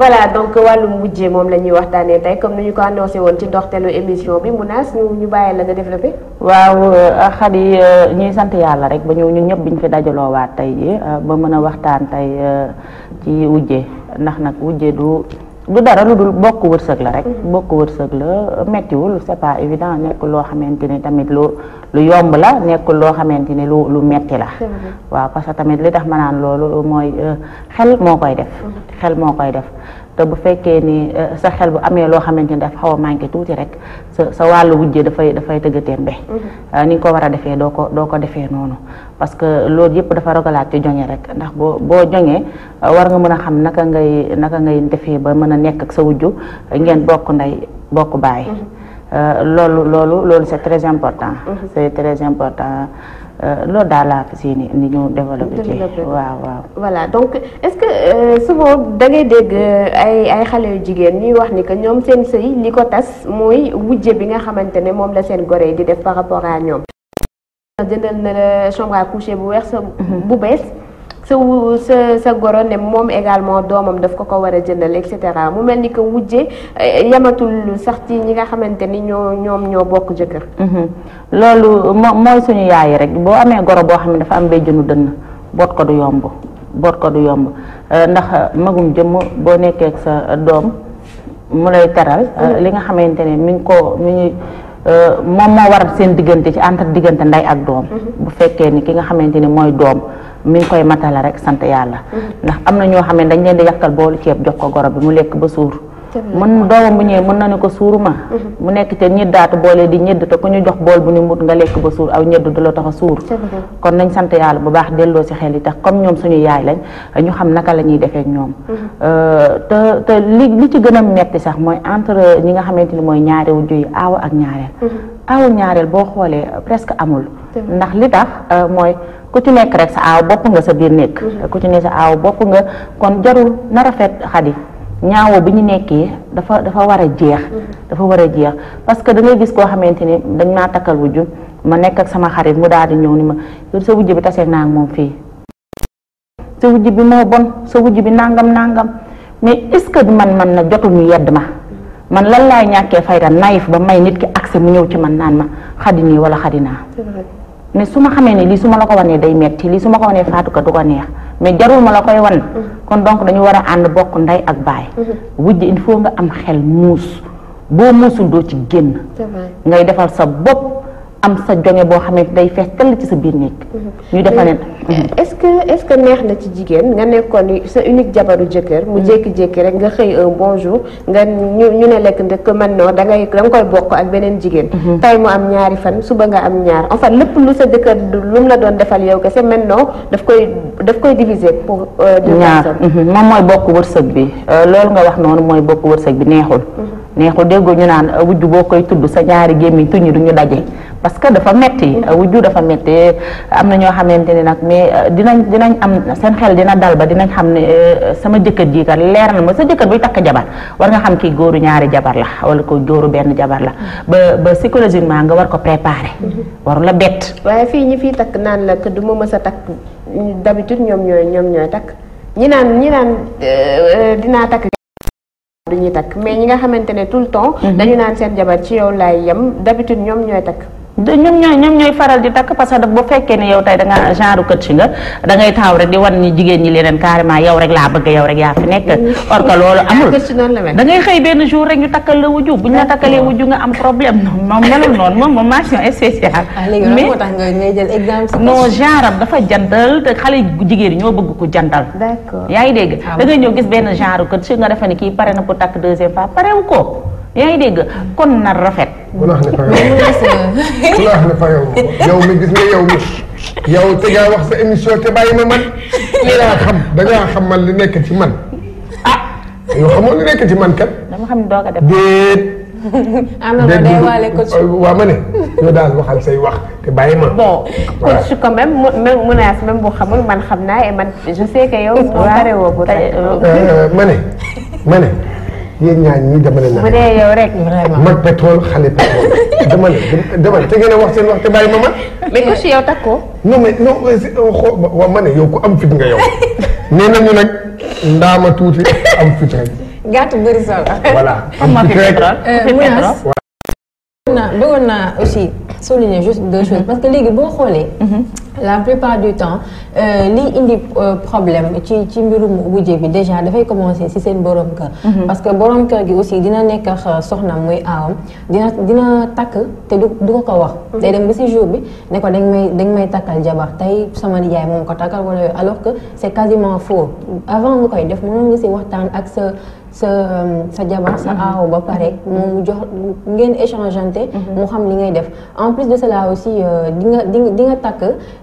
voilà donc wàllum wujje moom la ñuy waxtaanee tey comme ni ñu ko annoncé woon ci ndoxteelu émission bi mu Mounass ñu ñu bàyyi la nga développé. waaw xadi euh, euh, ñuy sant yàlla rek ba ñu ñëpp biñ fi dajaloo waat tey ji euh, ba mën a waxtaan tey ci wujje ndax nag wujje du. du dara lu dul bokk wërsëg la rek mm-hmm. bokk wërsëg la méttiwul c'est pas évident nekk loo xamante ni tamit lu lu yomb la nekkul loo xamante ni lu lu metti la waaw parce que tamit li tax ma naan loolu mooy xel moo koy def mm-hmm. xel moo koy def te bu fekkee ni eh, sa xel bu amee loo xamante ni dafa xaw a manqué tuuti rek sa sa wàllu wujje dafay dafay tëgg tembe mm-hmm. eh, ni nga ko war a defee doo ko doo ko defee noonu parce que loolu yëpp dafa rogalaat ci joŋe rek ndax boo boo joŋee eh, war nga mën a xam naka ngay naka ngay defee ba mën a nekk ak sa wujju ngeen bokk ndey bokk baay mm-hmm. loolu loolu loolu c'est très important mm-hmm. c'est très important Euh, loolu daal laa fas ni ñu développé ci waaw waaw voilà donc est-ce que euh, souvent da ngay dégg euh, ay ay xale yu jigéen ñuy wax ni que ñoom seen sëy li ko tas mooy wujje bi nga xamante ne moom la seen gore di def par rapport à ñoom jëndal na la chambre coucher bu weex sa mhm. bu bees sa wu sa sa goro ne moom également doomam daf ko ko war a jëndal et cetera mu mel ni que wujje eh, yamatul sax ci ñi nga xamante ni ñoo ñoom ñoo bokk jëkkër. Mhm. loolu mooy suñu yaay rek boo amee goro boo xam ne dafa am béjjënu dënn boot ko du yomb boot ko du yomb eh, ndax magum jëmm boo nekkee ak sa doom mu lay teral. Eh, mm-hmm. li nga xamante ne mi ngi ko mi ngi. moom moo waral seen diggante ci entre diggante ndey ak doom mm-hmm. bu fekkee ni ki nga xamante ni mooy doom mi ngi koy matala rek sant yàlla mm-hmm. ndax am na ñoo xam ne dañ leen di yàkkal boolu ceeb jox ko goro bi mu lekk ba suur mën doomam bu ñëwee mën na ne ko suuru ma mm-hmm. mu nekk ca ñiddaatu boolee di ñëdd te ku ñu jox bool bu ñu mut nga lekk ba suur aw ñëdd du la tax a suur kon nañ sant yàlla bu baax delloo si xel yi tax comme ñoom suñu yaay lañ ñu xam naka la ñuy defee ñoom mm-hmm. euh, te te li li ci gën a metti sax mooy entre ñi nga xamante ni mooy ñaari wujju yi aaw ak ñaareel aaw ñaareel boo xoolee presque amul ndax ku ci nekk rek sa aaw bopp nga sa biir nekk mhm. ku ci nekk sa aaw bopp nga kon jarul na rafet xadi ñaawoo bi ñu nekkee dafa dafa war a jeex mhm. dafa war a jeex parce que da gis koo xamante ni dañ maa takkal wujju ma nekk ak sama xarit mu daal di ñëw ni ma yow sa wujj bi taseeg naa moom fii sa wujj bi moo bon sa wujj bi nangam nangam mais est-ce que man man na jotul yedd ma man lan laay ñàkkee fayda naïf ba may nit ki accès mu ñëw ci man naan ma xadi nii wala xadi naa ne su ma xamee ne lii su ma la ko wanee day metti lii su ma ko wanee faatu ko du ko neex mais jarul ma la koy wan kon donc dañu war a ànd bokk ndey ak baay wujj il faut nga am xel muus boo muusul doo ci génn ngay defal sa bopp am sa jonge boo xam ne day fees tell ci sa biir néeg ñu defaleen est-ce que neex na ci jigéen nga nekkoon sa unique jabaru jëkkër mu jékki-jékki rek nga xëy un bonjour nga ñu ñu ne lekk ndëkk man noo da ngay da nga koy bokk ak beneen jigéen mhm. tey mu am ñaari fan suba nga am ñaar en fait lépp lu sa jëkkër lu mu la doon defal yow kese man noo daf koy daf koy diviser pour euh, ñaar mhm. moom mooy bokk wërsëg bi euh, loolu nga wax noonu mooy bokk wërsëg bi neexul mhm. neexul déggoo ñu naan euh, wujj parce que dafa metti mm. euh, wujju dafa metti am na ñoo xamante ne nag mais euh, dinañ dinañ am seen xel dina dal ba dinañ xam ne euh, sama jëkkër ji kat leer na ma sa jëkkër buy takk jabar war nga xam kii góoru ñaari jabar la wala ko góoru benn jabar la mm. ba ba psychologiquement nga war ko préparer mm-hmm. waru la bett waaye fii ñi fii takk naan la que du ma mës a takk d'habitude ñoom ñooy ñoom ñooy takk ñi naan ñi naan dinaa takk du ñuy takk mais ñi nga xamante ne tout le temps mm-hmm. dañu naan seen jabar ci yow laay yem d'habitude ñoom ñooy takk ñoom ñooy ñooy faral di takk parce que bu fekkee ne yow tey da nga genre kët si nga rek di wan ni jigéen ñi leneen carrément yow rek laa bëgg yow rek yaa fi nekk mm. or que loolu ah, amul da ngay xëy benn jour rek ñu takkal la wujju bu ñu la ah. takkalee wujju nga am problème moom melul noonu moom moom mention spéciale ah, mais non genre am dafa jantal te xale jigéen yi ñoo bëgg ko jantal yaa ngi dégg da ngay ñëw gis benn genre kët si nga defe ne kii pare na ko takk deuxième fois parewu ko yaa ngi dégg kon na rafet. ku laax ne yow ku laax mi gis nga yow mi yow te ngaa wax sa émission te bàyyi ma man li laa xam xam man li nekk ci man ah yow xamoo li nekk ci man kat. dama xam ne doo ko def déet. am ma ne yow daal waxal say wax te bàyyi ma. bon coach quand même même menace même bu xamul man xam naa et man je sais que yow. waaw euh, euh, ma ne ma ne. yéen ñaañ ñi dama ne. bu dee yow rek vraiment. mag pétrole xale pétrole dama ne te ngeen a wax seen wax te bàyyi ma man. mais ko si yow takk ko. non mais oh, am fit nga yow na nañu nag ndaama tuuti am fit rek. gàtt bëri solo. voilà am fit rek. Euh, bëggoon naa aussi. souligner juste deux choses parce que léegi boo xoolee. Mhm. la plupart du temps euh, liy indi euh, problème ci ci mbirum wujje bi déjà dafay commencer ci seen borom kër. Mhm. parce que borom kër gi aussi dina nekk ak euh, soxnaam muy aawam dina takk te du du ko ko wax. Mhm. day dem ba ci jour bi ne ko dañ may dañ may takkal jabar tey sama nijaay moom ko takkal wala alors que c'est quasiment faux avant nga koy def mënoon nga ci waxtaan ak sa. sa euh, sa jabar sa mhm. aaw ba pare moom mu jox ngeen échangeante mhm. mu xam li ngay def en plus de cela aussi euh, di nga di di nga takk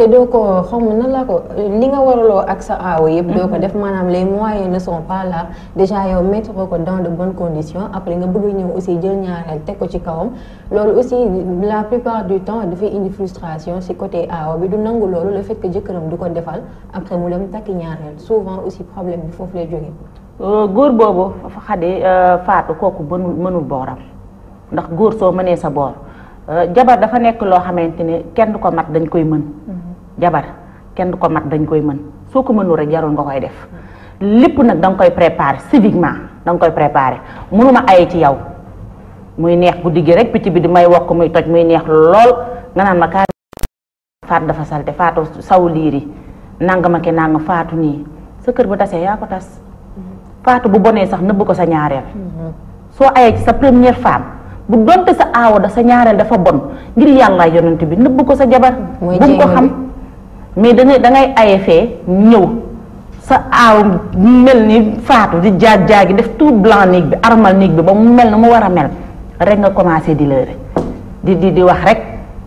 te doo ko xam nan laa ko li nga waraloo ak sa aaw yëpp doo ko mhm. def maanaam les moyen ne sont pas là déjà yow mettre ko dans de bonnes conditions après nga bëgg ñëw aussi jël ñaareel teg ko ci kawam loolu aussi la plupart du temps dafay indi frustration si côté aaw bi du nangu loolu la fekk que jëkkëram du ko defal après mu dem takki ñaareel souvent aussi problème bi foofu lay jógee Euh, góor boobu xadi euh, faatu kooku mënul mënul booram ndax góor soo mënee sa boor euh, jabar dafa nekk loo xamante ne kenn du ko mat dañ koy mën mm-hmm. jabar kenn du ko mat dañ koy mën soo ko mënul rek jarul nga koy def lépp nag da koy préparer civiquement da nga koy préparer mënuma ay ci yow muy neex bu digg rek picc bi di may wokk muy toj muy neex lool nga naan ma kaa faat dafa salte faatu saw liiri nanga ma ki nanga faatu nii sa kër bu tasee yaa ko tas faatu bu bonee sax nëbb ko sa ñaareel soo ayee sa première femme bu donte sa aawo da sa ñaareel dafa bon ngir yàlla yonent bi nëbb ko sa jabar bu ko xam mais dangay dangay aye fee ñëw sa aaw mel ni faatu di jaar jaag gi def tout blanc néeg bi armal néeg bi ba mu mel na mu war a mel rek nga commencé di lëre di di di wax rek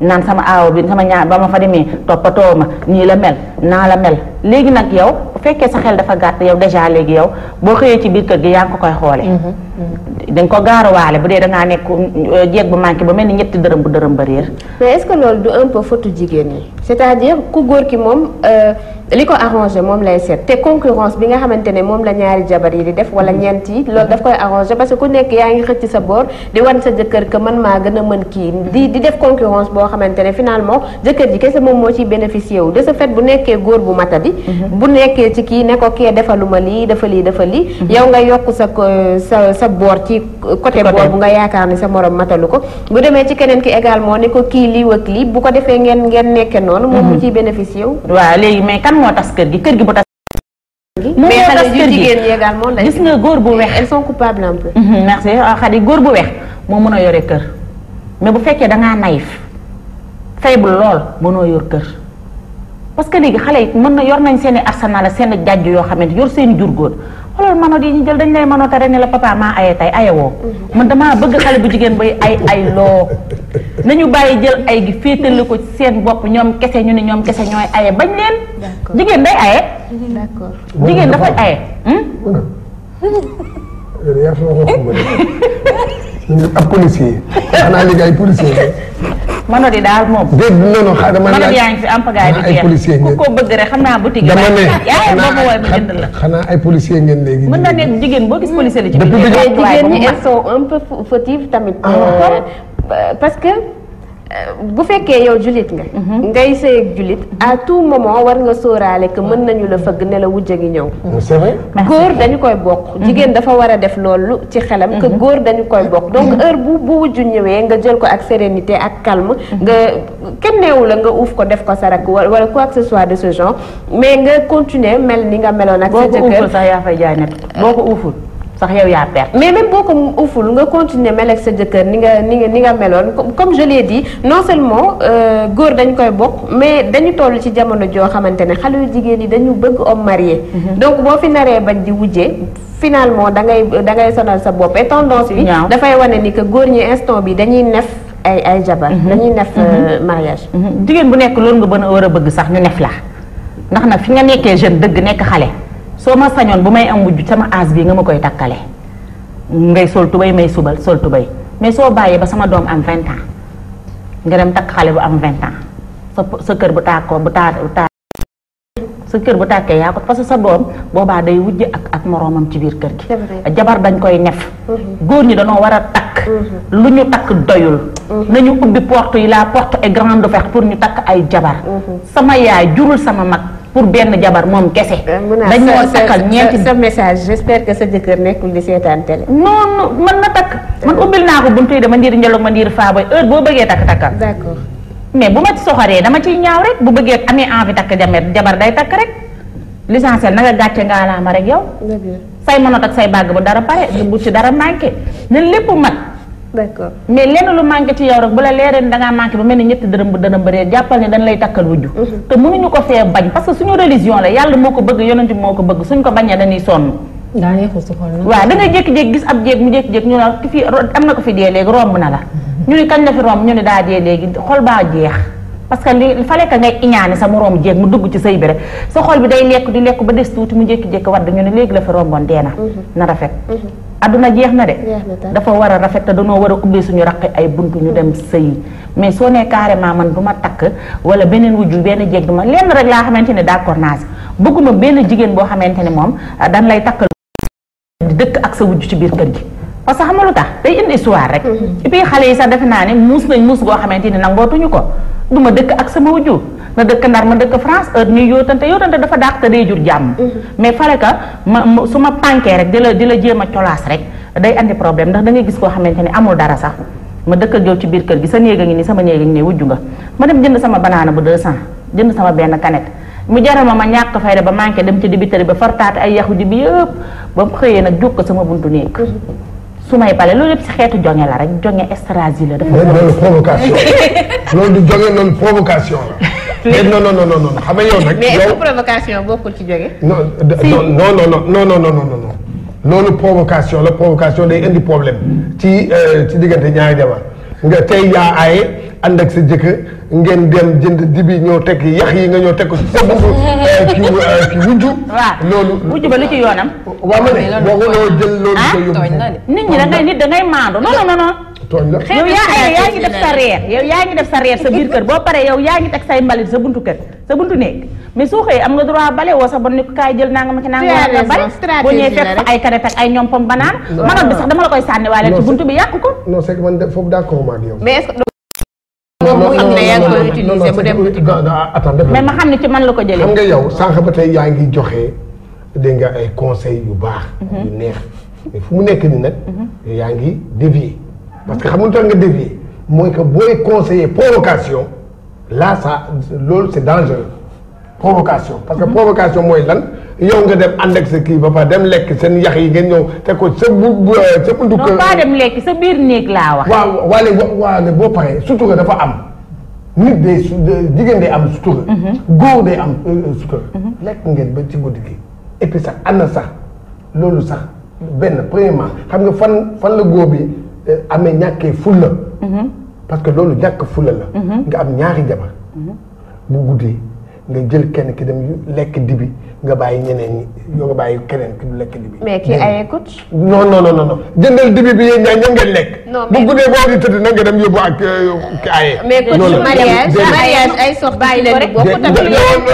naan sama aaw bi sama ñaar ba ma fa demee toppatoo ma nii la mel naa la mel léegi nag yow bu fekkee sa xel dafa gàtt yow déjà léegi yow boo xëyee ci biir kër gi yaa ngi ko koy xoole mm-hmm. Mm. dañ ko gaarawaale bu dee dangaa nekk mm, euh, jeeg bu manqué ba mel ni ñetti dërëm bu dërëm ba réer mais loolu du un peu faute jigéen ñi c'est-à-dire ku góor ki moom euh, li ko arrangé moom lay seet te concurrence bi nga xamante ne moom la ñaari jabar yi di def wala ñeent yi loolu daf koy arrangé parce que ku nekk yaa ngi xëcc sa boor di wan sa jëkkër que man maa gën a mën kii di di def concurrence boo xamante ne finalement jëkkër ji kese moom moo ciy bénéficié wu de ce fait bu nekkee góor bu matadi mhm. bu nekkee ci kii ne ko kee defaluma lii dafa lii dafa lii mhm. yow nga yokk sa sa boor ci côté boor bu nga yaakaar ni sa morom matalu ko bu demee ci keneen ki également ne ko kii lii wëkk lii bu ko defee ngeen ngeen nekke noonu moom mu mhm. ciy bénéfice yow waaw léegi mais kan moo tas kër gi kër gi bu tas moom moo tas kër gi gis nga góor bu weex elles sont coupables un peu mhm, ah, góor bu weex moo mën a yore kër mais bu fekkee dangaa naïf faible lool noo yor kër parce que léegi xale yi mën na yor nañ seen i arsenal seen jàjj yoo xam xamante yor seen jur góor xoolal manote yi ñu jël dañ lay manote rek ne la papa maa aye tey ayewoo mhm. man damaa bëgg xale bu jigéen bay ay ay loo nañu bàyyi jël ay gi féetale ko ci seen bopp ñoom kese ñu ne ñoom kese ñooy aye bañ leen jigéen day aye jigéen dafay aye hmm? yaa fi waxoon ma de ab policier xanaa léegi ay manodi daal moom. dégg noonu xaaral man manodi yaa ngi fi am pagaay bi jeex ay policier ngeen ku ko bëgg rek xam naa boutique dama ne yaay boo ma woowee ma jënd la xanaa ay policier ngeen léegi. mën na nekk jigéen boo gis policier la ci biir. jigéen ñi elles sont un peu fautives tamit. Ah. Euh, parce que. bu fekkee yow jullit nga. Mhm. ngay sëyeeg jullit à tout moment war nga sooraale que mën nañu la fëgg ne la wujj ñëw. c'est vrai góor dañu koy bokk. Mhm. jigéen dafa war a def loolu ci xelam. que mhm. góor dañu koy bokk. donc heure bu bu wujj ñëwee nga jël ko ak sérénité ak calme. nga kenn neewu la nga uuf ko def ko sa rakk wala quoi que ce soit de ce genre mais nga continuer mel ni nga meloon ak. sa jëkkër sax yaa fay jaay boo ko uuful. sax yow yaa perte mais même boo ko uful nga continuer mel ak sa jëkkër ni nga ni nga ni nga meloon comme je l'ai non seulement euh, góor dañ koy bokk mais dañu toll ci jamono joo xamante ne xale yu jigéen yi dañu bëgg homme marié mm-hmm. boo fi naree bañ di wujjee finalement da ngay da ngay sonal sa bopp et tendance bi dafay wane ni que góor ñi instant bi dañuy nef ay ay jabar mm-hmm. dañuy nef euh, mm-hmm. mariage jigéen bu nekk loolu nga bën a war a bëgg sax ñu nef la ndax nag fi nga nekkee jeune dëgg nekk xale soo ma sañoon bu may am wujj sama aas bi nga ma koy takkale ngay sol tubay may subal sol tubay mais soo bàyyee ba sama doom am vingt nga dem takk xale bu am vingt ans sa sa kër bu tàkkoo bu taa taa sa kër bu tàkkee yaa ko parce que sa doom boobaa day wujj ak ak moroomam ci biir kër gi jabar dañ koy ñef mm-hmm. góor ñi dañoo war a takk mm-hmm. lu ñu takk doyul mm-hmm. nañu ubbi porte yi laa porte est grande ouverte pour ñu takk ay jabar sama yaay jurul sama mag pour benn jabar moom kese. Euh, dañ war takkal ñeenti sa message j'espère que sa jëkkër nekkul di seetaan télé. non non mën na takk. man ubbil naa ko buntu yi dama ndiir ma ndiir faa booy boo bëggee takk takkal. mais bu ma soxoree dama ciy ñaaw rek bu bëggee amee envie takk jamer jabar day takk rek l'essentiel na nga gàcce ma rek yow. say mënat ak say bàgg bu dara pare bu ci dara manqué ne lépp mat. mais lenn lu manqué ci yow rek bu la leeree ni da ngaa manqué bu mel ni ñetti dërëm bu dërëm ba réer jàppal ne dañ lay takkal wujju mhm. te mënuñu ko fee bañ parce que suñu religion la yàlla moo ko bëgg yonent bi moo ko bëgg suñ ko bañee dañuy sonn waaw da ñu ko fi mhm. ne daa dee léegi xol baa jeex parce que li fale ngay iñaane sa moroom jéeg mu dugg ci sëy bi rek sa xol bi day lekk di lekk ba des tuuti mu jékki-jékki wadd ñu ne léegi la fi romboon dee na mhm. na rafet adduna jeex na de dafa war a rafet te danoo war a ubbi suñu raqi ay buntu ñu dem sëyi mais soo nee carrément man du ma takk wala beneen wujju benn jeeg du ma lenn rek laa xamante ne d'accord naa si bëgguma benn jigéen boo xamante ne moom ah, dan lay takkal di dëkk ak sa wujju ci biir kër gi parce que xam nga tax day indi histoire rek. Mm-hmm. et xale yi sax defe naa ne muus nañ muus goo xamante ni nangootuñu ko du ma dëkk ak sama wujju na dëkk ndar ma dëkk France heure ñuy yootante yootante dafa dàq te day jur jàmm. Mm-hmm. mais fale ka ma su ma pànkee rek di la di la jéem a colaas rek day andi problème ndax da ngay gis koo xamante ni amul dara sax ma dëkk ak ci biir kër gi sa néeg a ngi nii sama néeg a ngi nii wujju nga ma dem jënd sama banaana bu 200 jënd sama benn canette. mu jaral ma ma ñàkk ba manqué dem ci dibitari ba fartaate ay yaxu ji bi yëpp ba mu xëyee nag jóg ko sama buntu néeg mm-hmm. su may bale loolu yëpp si xeetu jonge la rek jonge stratégie la. dafa loolu provocation loolu du jonge loolu provocation la. non non non non xam nga yow nag. mais est-ce que provocation bokkul ci jóge. non non non non non non non loolu provocation la provocation day indi problème ci ci diggante ñaari jabar nga tey yaa aaye ànd ak sa jëkkër ngeen dem jënd dibi ñoo tekk yax yi nga ñoo tekk sa buntu ki eh, ki wujju. waaw loolu wujju ci yoonam. waaw ma ne waxuloo jël loolu. ah nit ñi da maandu non non non. yaa yaa ngi def sa yaa ngi def sa reer sa biir kër boo paree yow yaa ngi teg say mbalit sa buntu kër sa buntu néeg mais soo xëyee am nga droit bale woo sax bon ni ko kaay jël nangam ak nangam ak nga bale boo ñëwee fekk fa ay karet ak ay ñompam banaan. waaw manoon bi sax dama koy sànni waale ci buntu bi yàq ko. non utiliser bu dem boutique mais ma xam ne ci man la ko jëlee. xam nga yow sànq ba tey yaa ngi joxe dégg nga ay conseil yu baax. yu neex mais mu nekk nii nag. yaa ngi dévier. parce que xam nga tax nga dévier mooy que booy conseiller provocation là ça loolu c'est dangereux provocation parce que provocation mooy lan. yow nga dem ànd ak sa kii ba pare dem lekk seen yax yi ngeen ñëw te ko sa bu bu sa. buntu kër non pas dem lekk sa biir néeg laa wax. waaw waaye boo paree surtout que dafa am. nit day su jigéen day am sutura. Mhm. góor day am euh, euh, sutura. Mhm. lekk ngeen ba ci guddi et sax am na sax loolu sax benn premièrement xam nga fan fan la góor bi euh, amee ñàkkee fulla mhm. parce que loolu ñàkk fulla la. nga am ñaari jabar bu guddee nga jël kenn ki dem lekk dibi. nga bàyyi ñeneen ñi yoo nga bàyyi keneen ki du lekk li bi. mais ki ay écoute. non non non non jëndal dibi bi yéen ñaa ñoom ngeen lekk. non mais bu guddee boo di tëdd na nga dem yóbbu ak euh, ki aye. mais ku ci mariage mariage ay sox bàyyi leen di bokk tamit.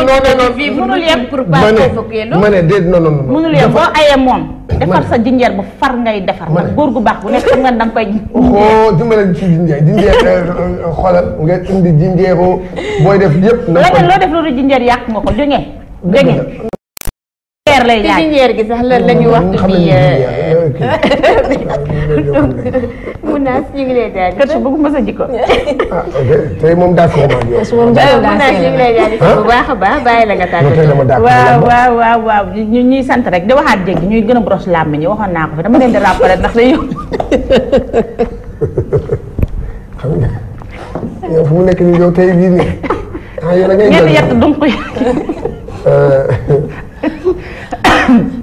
non non non fii mënul yem pour pas provoquer lu. ma ne déet non non non. mënul yem boo ayee moom. defar sa jinjeer bu far ngay defar. man góor gu baax bu nekk xam nga da nga koy. xoo oh, dimbale ci jinjeer jinjeer euh, xoolal nga indi jinjeeru booy def yëpp. na ko loo def loolu jinjeer yàq nga ko dégg ngeen dégg ngeen jinjeer lay laaj jinjeer gi sax lan la ñuy wax. mun naa si ñu ngi lay kër bëgg mos a jikko. ah ok tey moom d'accord maa ngi yow. moom ñu ngi lay ah? a baax bàyyi la nga tàggatoo. waaw ñu ñuy sant rek di waxaat jéggi ñuy gën a brosse làmmiñ waxoon naa ko fi dama leen di rappeler ndax day yomb. xam nga fu mu nekk nii tey lii nii. ah yéen a ngi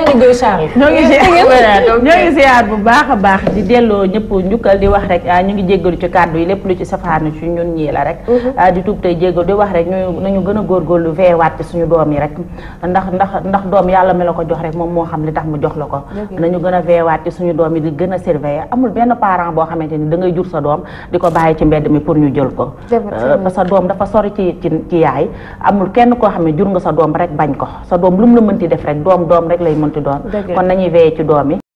ñaari Guy Charles ñoo ngi ñoo ngi bu baax a baax di delloo ñëpp njukkal di wax rek ah, ñu ngi jéggalu ci kàddu yi lépp lu ci safaanu ci ñun ñii la rek mhm. ah, di tuub tey jéggalu di wax rek ñu nañu gën góor góorgóorlu veewaat ci suñu doom yi rek ndax ndax ndax doom yàlla mi la ko jox rek moom moo xam li tax mu jox la ko nañu gën a veewaat ci suñu doom yi di gën a surveiller amul benn parent boo xamante ni da ngay jur sa doom di ko bàyyi ci mbedd mi pour ñu jël ko euh, parce que doom dafa sori ci ci yaay amul kenn koo xam ne jur nga sa doom rek bañ ko sa doom lu la mënti def rek doom doom rek lay mën munti doon kon nañuy veillé ci doom